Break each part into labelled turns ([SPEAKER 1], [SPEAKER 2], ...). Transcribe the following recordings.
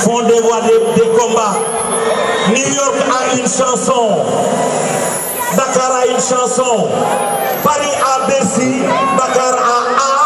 [SPEAKER 1] font des voix des, New York a une chanson. Dakar a une chanson. Paris a Bercy, Dakar a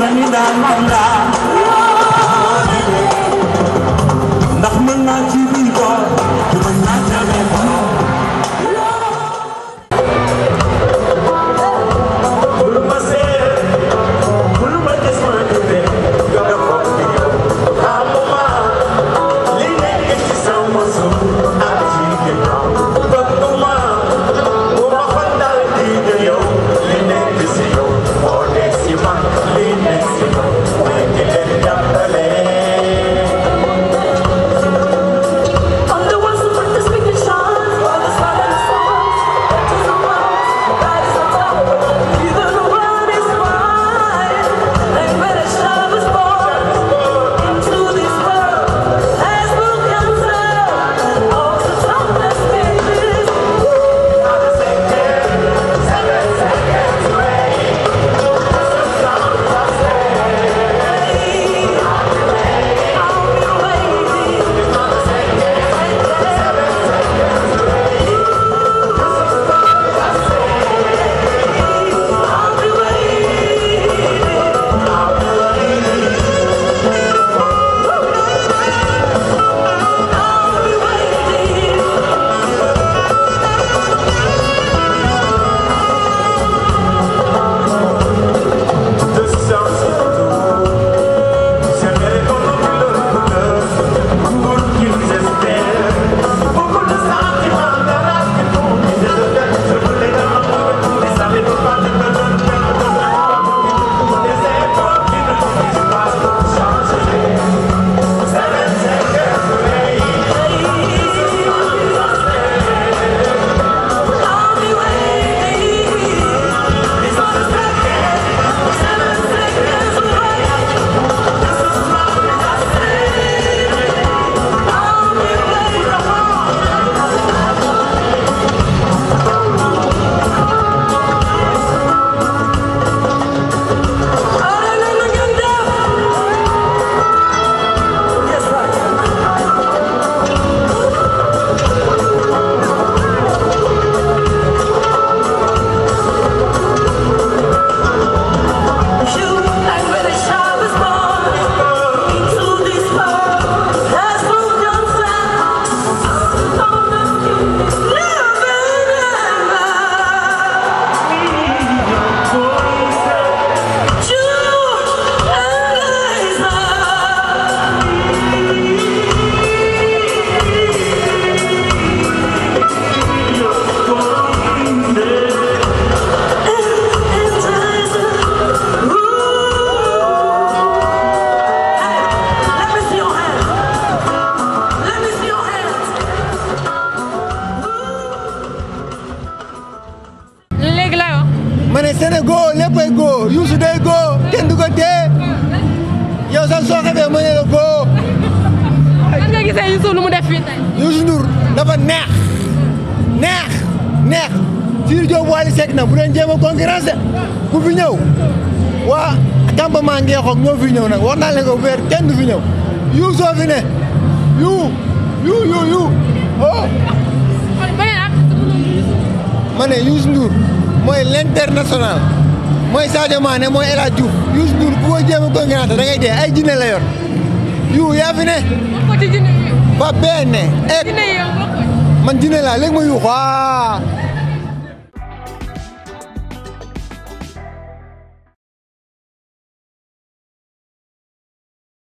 [SPEAKER 1] nañu daan man daan ndax mën naa ci dafa neex neex neex Sidy Diop Wally Seck na bu leen jéem a fi ñëw waa campement Ngeexoog ñoo fi ñëw nag war naa leen ko weer du fi ñëw yu soo ne yu yu yu yu oh. ma ne Youssou Ndour mooy l'international mooy Sadio Mané mooy El Hadj Diouf Youssou Ndour ku ko jéem a concurrence da dee ay jinne la yor yu yaa fi ne. ba man jinne laa léegi ma yuuxu ah.